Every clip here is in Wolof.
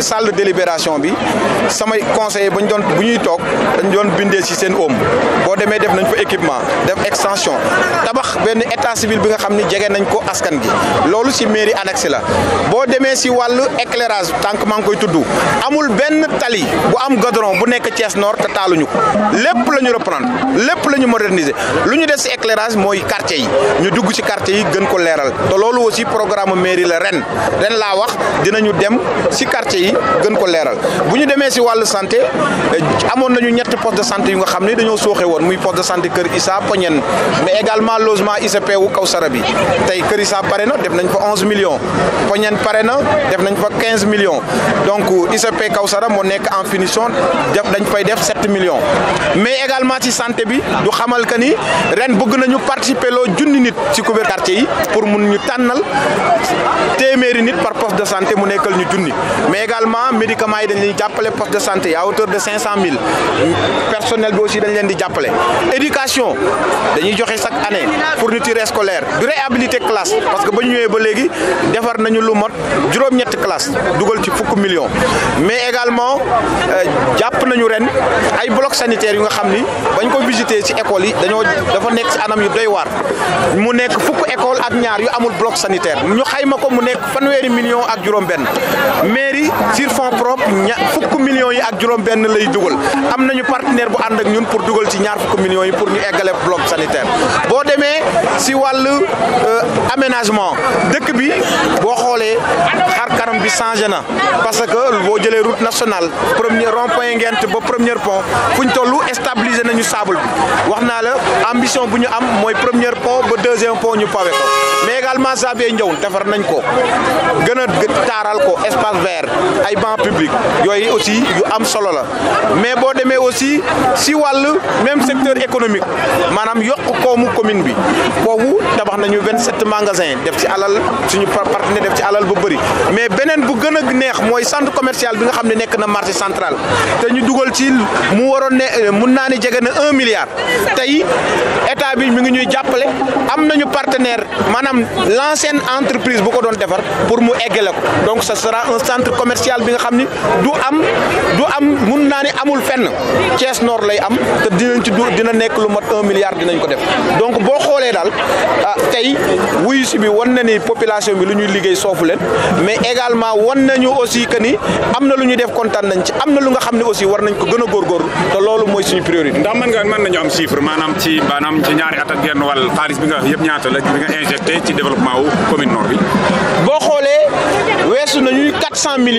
salle de délibération bi sama conseiller ba don buñuy tok dañ don bindé ci sen oom bo démé def nañ fa équipement def extension tabax ben état civil bi nga xamni ni nañ ko askan gi lolu ci mairie annexe la bo démé ci walu éclairage tank maa ngi koy tuddu amul ben tali bu am goudron bu nek ci Nord ta taaluñu ko lepp lañu reprendre lepp lañu moderniser luñu ñu ci éclairage moy quartier yi ñu dugg ci quartier yi gën ko léral té lolu aussi programme mairie la ren ren la wax dinañu dem ci quartier quartier yi gën ko leeral bu ñu demee si wàllu santé eh, amon nañu ñett poste de santé yu nga xamné dañoo soxé won muy poste de santé kër Issa Poñen mais également logement ISP wu Kawsara bi tay kër Issa pare na def nañ fa 11 millions Poñen pare na def nañ fa 15 millions donc ICP Kawsara mo nekk en finition def dañ fay def 7 millions mais également ci santé bi du xamal que ni ren bëgg nañu participer lo junni nit ci couvert quartier yi pour mënu ñu tanal téméri nit par poste de santé mu nekkal ñu junni mais mais également médicaments dañ leen di poste de santé à hauteur de 500 000 personnel bi aussi dañ leen di jàppale éducation dañuy joxé chaque année fourniture scolaire du réhabilité classe parce que bañ ñëwé ba légui defar nañu lu mot juroom ñetti classe dugal ci fukk million mais également euh, japp nañu ren ay blocs sanitaires yu nga xamni bañ ko visiter ci école yi dañoo dafa nekk ci anam yu doy war mu nekk fukk école ak ñaar yu amul bloc sanitaire ñu xayma ko mu nekk fanweeri million ak juróom benn mairie bi sur fonds propre fukk millions yi ak juróom benn lay dugal am nañu partenaire bu ànd ak ñun pour dugal ci ñaar fukk millions yi pour ñu eggale bloc sanitaire boo demee si wàllu euh, aménagement dëkk bi boo xoolee xar kanam bi changé na parce que boo jëlee route nationale premier rond point ngent ba premier pont fu ñu toll stabiliser nañu sable bi wax naa la ambition bu ñu am mooy premier pont ba deuxième pont ñu pawe mais également Zawiya Ndiawoune defar nañ ko gën a taaral ko espace vert ay il public. yoy aussi yu am solo la mais y démé aussi si même secteur économique commune bi 27 magasins def ci alal suñu mais bu centre commercial bi nga marché central té ñu ci mu euh, milliard tay état bi partenaire l'ancienne entreprise bu ko doon pour mu donc ça sera un centre commercial commercial bi nga xamni du am du am mun na ni amul fenn Thiès Nord lay am te dinañ ci dina nek lu mot 1 milliard dinañ ko def donc bo xolé dal ah, tay wuyu si bi won na ni population bi lu ñuy liggéey sofu len mais également won nañu aussi que ni am na lu ñu def contane nañ ci am lu nga xamni aussi war nañ ko gëna gor gor te lolu moy suñu priorité. ndam man nga man nañu am chiffre manam ci banam ci ñaari at ak genn wal paris bi nga yëpp ñaata la bi nga injecter ci développement wu commune nord bi. bo xolé wessu nañu 400 millions.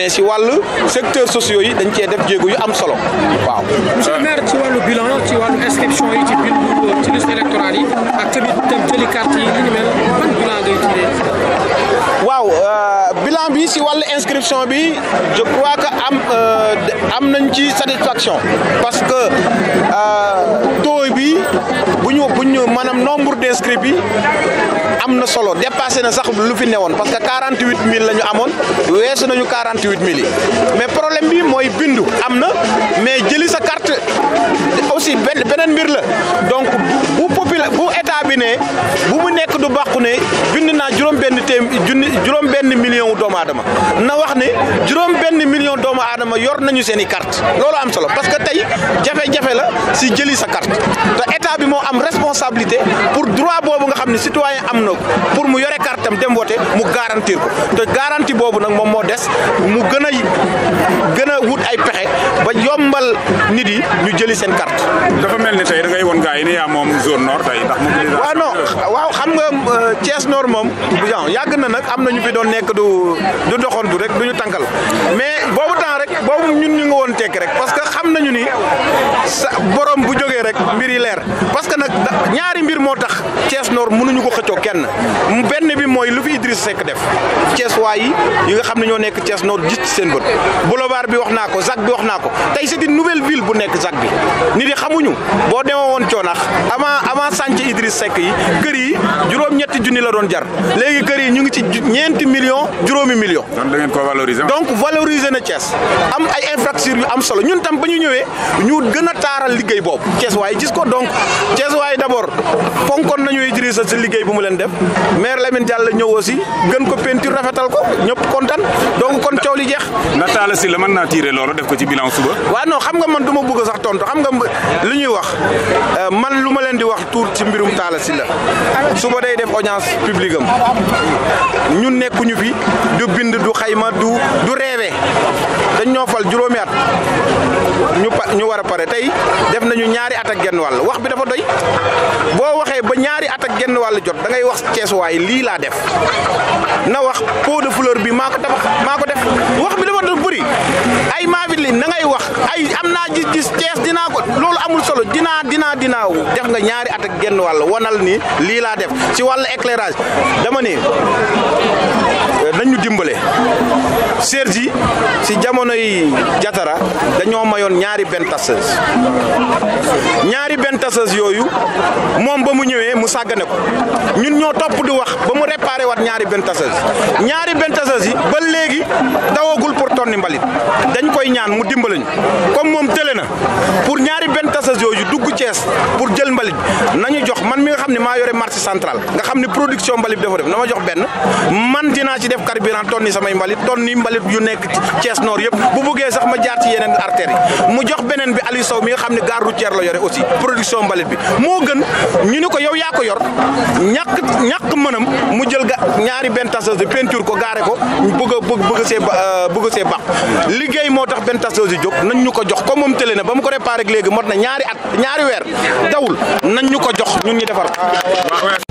mais si wàllu secteur sociaux yi dañ cee def jéego yu am solo waaw. monsieur le maire ci wàllu bilan ci wàllu inscription yi ci biir ci liste électorale yi ak tamit dem jëli carte yi li mel ban bilan ngay tuddee. waaw euh, bilan bi si wàllu inscription bi je crois que am euh, am nañ ci satisfaction parce que euh, taux bi bu ñu bu ñu maanaam nombre inscrits bi am solo dépassé na sax lu fi néwon parce que 48000 la ñu amoon weesu nañu 48000 000. mais problème bi moy bindu amna mais jëli sa carte aussi benen beneen mbir la donc bu popula bu état bi né bu mu nek du bàqu né bind naa juróom-benn téem juroom ben benn million doom aadama na wax né juroom ben million doom aadama yor nañu seen carte lolu am solo parce que tay jafé jafé la si jëli sa carte ta état bi mo am responsabilité pour droit boobu nga xam ne citoyen am na ko pour mu yore kartam dem voté mu garantir ko te garanti boobu nag moom moo des mu gën a gën a wut ay pexe ba yombal nit yi ñu jëli seen carte. dafa mel ni tey da ngay woon gars yi ne yaa moom zone nord tey ndax mobilisation. waaw non waaw xam nga euh, Thiès nord moom bon yàgg na nag am na ñu fi doon nekk du du doxantu rek du ñu tànkal mais boobu temps rek boobu ñun ñu ngi woon tekki rek parce que xam nañu ni. sa borom bu jógee rek mbir yi leer parce que nag ñaari mbir moo tax Thiès Nord mënuñu ko xëccoo kenn benn bi mooy lu fi Idriss Seck def Thiès waa yi yi nga xam ne ñoo nekk cees Nord gis ci seen bët boulevard bi wax naa ko ZAC bi wax naa ko tey c'est une nouvelle ville bu nekk ZAC bi nit yi xamuñu boo demee woon coonax avant avant sànc Idriss Seck yi kër yi juróom-ñetti junni la doon jar léegi kër yi ñu ngi ci ñeenti million juróomi millions. donc da ngeen ko valoriser. donc valoriser na Thiès am ay infrastructures taral liggey bob ties way gis ko donc ties way d'abord fonkon fonkoon nañu Idrissa ci liggey bu mu len def maire Lamine Diallo ñew aussi gën ko peinture rafetal ko ñop kontaan donc kon ciow li jeex. na si le man na tirer lolu def ko ci bilan suba. wa non xam nga man duma bëgg sax tontu xam nga li ñuy wax euh, man luma len di wax tour ci mbirum si la suba day def audience publique am ñun nekkuñu fi du bind du xayma du du rêver dañ ñoo fal juróomi at ñu pa ñu war a pare tey def nañu ñaari at ak genn wàll wax bi dafa doy boo waxee ba ñaari at ak genn wàll jot da ngay wax ceesuwaay lii laa def na wax pot de bi maa ko tabax maa ko def wax bi dafa doy bëri ay amna naa gis-gis Thiès dinaa ko lolu amul solo dina dina dinaa def nga ñaari at ak genn wal wonal ni li la def ci wal éclairage dama ni euh, nañu dimbalé sergi si jamono yi jatara dañu mayon ñaari benn tasseuse ñaari benn tasseuse yooyu moom ba mu ñëwé mu sàggane ko ñun ño top di wax ba mu réparer wat ñaari benn ñaari benn yi ba légui dawagul pour tonni mbalit dañ koy ñaan mu ñu comme moom tële na pour ñaari benn tasas yooyu dugg Cees pour jël mbalit nañu jox man mi nga xam ne maa yore marché central nga xam ne production mbalit dafa def na ma jox benn man dinaa ci def carburant tonni samay mbalit tonni mbalit yu nekk Cees noor yëpp yeneen mu jox beneen bi Aliou Sow mi nga xam ne gare routière la yore aussi production mbalit bi moo gën ñu ni ko yow yaa ko yor ñàkk ñàkk mënam mu jël ga ñaari benn tasseuse de peinture ko gaare ko bëgg a bëgg see euh, bëgg see baax liggéey moo tax benn tasse yi jóg nañ ñu ko jox comme moom tële na ba mu ko réparé léegi mot na ñaari at ñaari weer dawul nañ ñu ko jox ñun ñu defar ah,